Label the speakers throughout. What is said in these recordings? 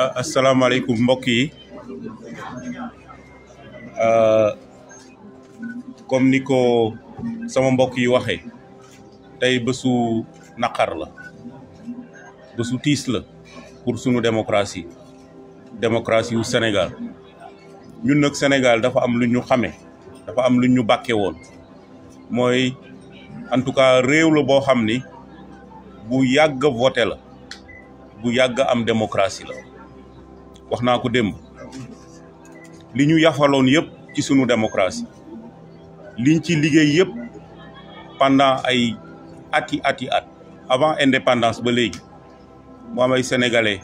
Speaker 1: Uh, assalamualaikum Boki, yi uh, comme sama Boki wahai, Tay besu nakar la Besu tis la pour sunu démocratie démocratie wu Sénégal ñun nag Sénégal dafa am lu ñu dafa am lu ñu won woon en tout cas bu yàgg voté la bu yàgg am démocratie la wax naa ko démb li ñu yafaloon yëpp ci sunu démocratie liñ ci liggéey yëpp pendant ay ati ati at avant indépendance ba léegi mu am ay sénégalais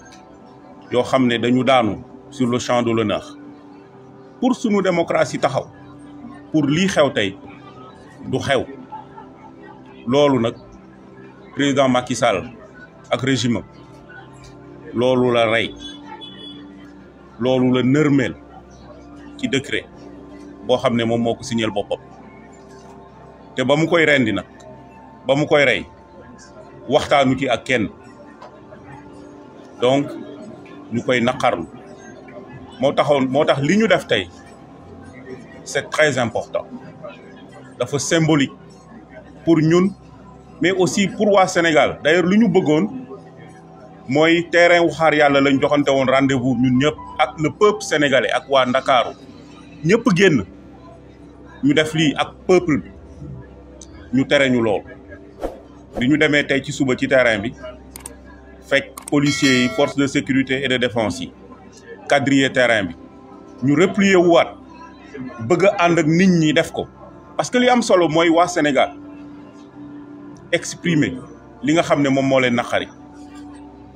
Speaker 1: yoo xam ne dañu daanu sur le champ de l'honneur pour sunu démocratie taxaw pour lii xew tey du xew loolu nag président makisal Sall ak régime loolu la rey loolu la nërmeel ci décret boo xam ne moom moo ko signal boppam te ba mu koy rendi nag ba mu koy rey waxtaanu ci ak kenn donc ñu koy naqarlu moo taxoon moo tax li ñu def tey c'est très important dafa symbolique pour ñun mais aussi pour waa Sénégal d'ailleurs lu ñu bëggoon Moy terrain wu xaar yalla lañ joxante won rendez vous ñun ñëpp ak le peuple sénégalais ak wa dakaru ñëpp genn ñu def li ak peuple bi ñu tere ñu lool bi ñu démé tay ci suba ci terrain bi fekk policiers yi force de sécurité et de défense yi quadriller terrain bi ñu replier wat bëgg and ak nit ñi def ko parce que li am solo moy wa Sénégal exprimer li nga xamné mom mo leen naxari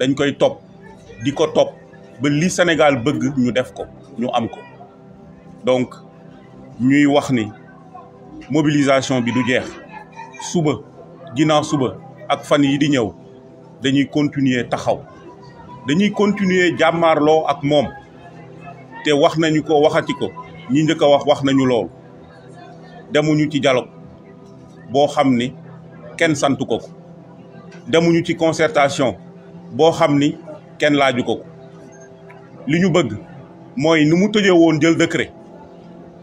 Speaker 1: dañ koy top top top ba li Sénégal bëgg ñu def ko ñu am donc ñuy wax ni mobilisation bi du jeex suba gina suba ak fan yi di ñëw dañuy continuer taxaw dañuy te wax nañu ko waxati ko dialogue concertation bo xamni ken la laaju ko liñu bëgg moy nu mu jël décret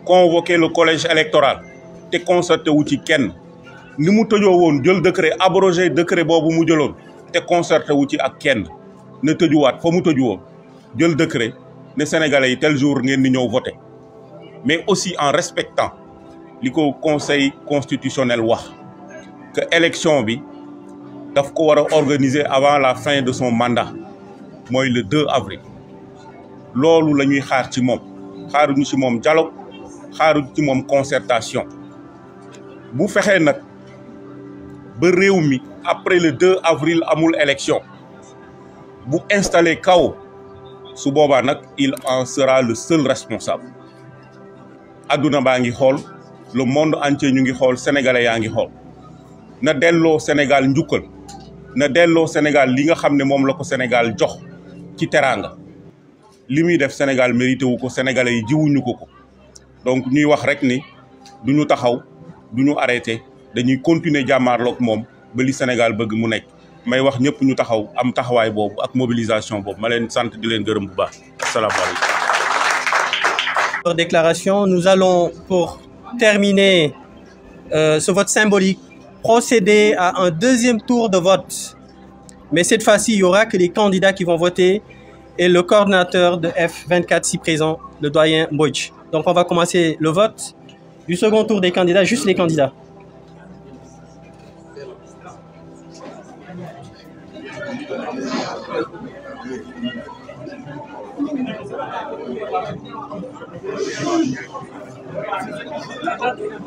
Speaker 1: convoquer le collège électoral té concerté wu ci ken nu mu jël décret le décret mu concerté wu ci ak ne décret sénégalais tel jour ngeen mais aussi en respectant li conseil constitutionnel wax que élection il ko war organiser avant la fin de son mandat le 2 avril ce la nous avons ci Nous avons ci dialogue avons ci concertation bu vous faites après le 2 avril amul élection bu installez chaos Sous il en sera le seul responsable Aduna Bangi Hall, le monde entier le ngi Sénégal sénégalais le ngi xool na le Sénégal na delloo Sénégal li nga xam mom la ko Sénégal jox ci teranga li muy def Sénégal mérité wu ko sénégalais yi jiwuñu ko donc ñuy wax rek ni duñu taxaw duñu ñu arrêté dañuy continuer jàmmaarloog mom ba li Sénégal bëgg mu nekk may wax ñëpp ñu taxaw am taxaway bobu ak mobilisation bobu ma leen sante di leen gërëm bu baax asalaamaaleykum.
Speaker 2: déclaration nous allons pour terminer euh, ce vote symbolique procéder à un deuxième tour de vote mais cette fois-ci, il y aura que les candidats qui vont voter et le coordinateur de F24 si présent, le doyen boych. Donc on va commencer le vote du second tour des candidats, juste les candidats.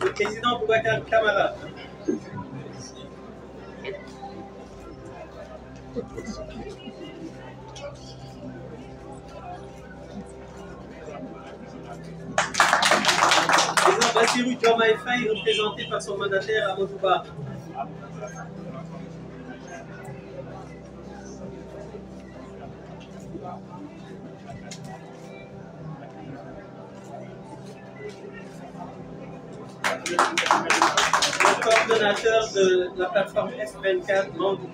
Speaker 2: Le Président Boubacar Kamara. Président Bassirou Diomaye Faye, représenté par son mandataire Amadouba.
Speaker 1: le coordonnateur de
Speaker 2: la plateforme S24, Mango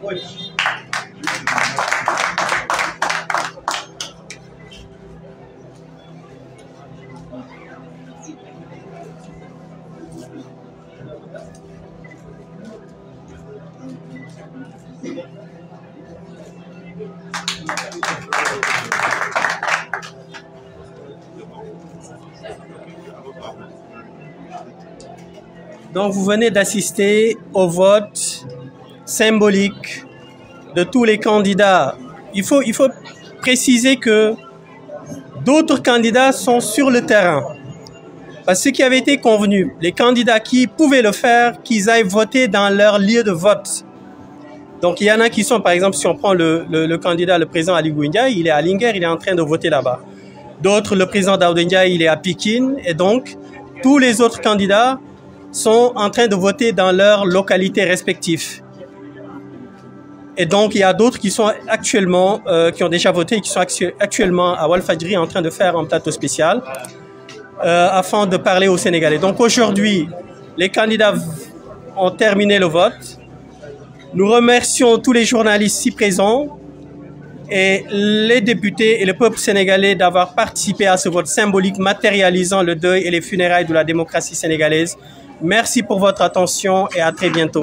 Speaker 2: donc vous venez d'assister au vote symbolique de tous les candidats. Il faut, il faut préciser que d'autres candidats sont sur le terrain. Parce que ce qui avait été convenu, les candidats qui pouvaient le faire, qu'ils aillent voter dans leur lieu de vote. Donc il y en a qui sont, par exemple, si on prend le, candidat, le président Ali Gouindia, il est à Linger, il est en train de voter là-bas. D'autres, le président Daoudindia, il est à Pékin. Et donc, tous les autres candidats sont en train de voter dans leurs localités respectives. Et donc, il y a d'autres qui sont actuellement, euh, qui ont déjà voté, qui sont actuellement à Walfadri, en train de faire un plateau spécial euh, afin de parler aux Sénégalais. Donc aujourd'hui, les candidats ont terminé le vote. Nous remercions tous les journalistes si présents et les députés et le peuple sénégalais d'avoir participé à ce vote symbolique matérialisant le deuil et les funérailles de la démocratie sénégalaise Merci pour votre attention et à très bientôt.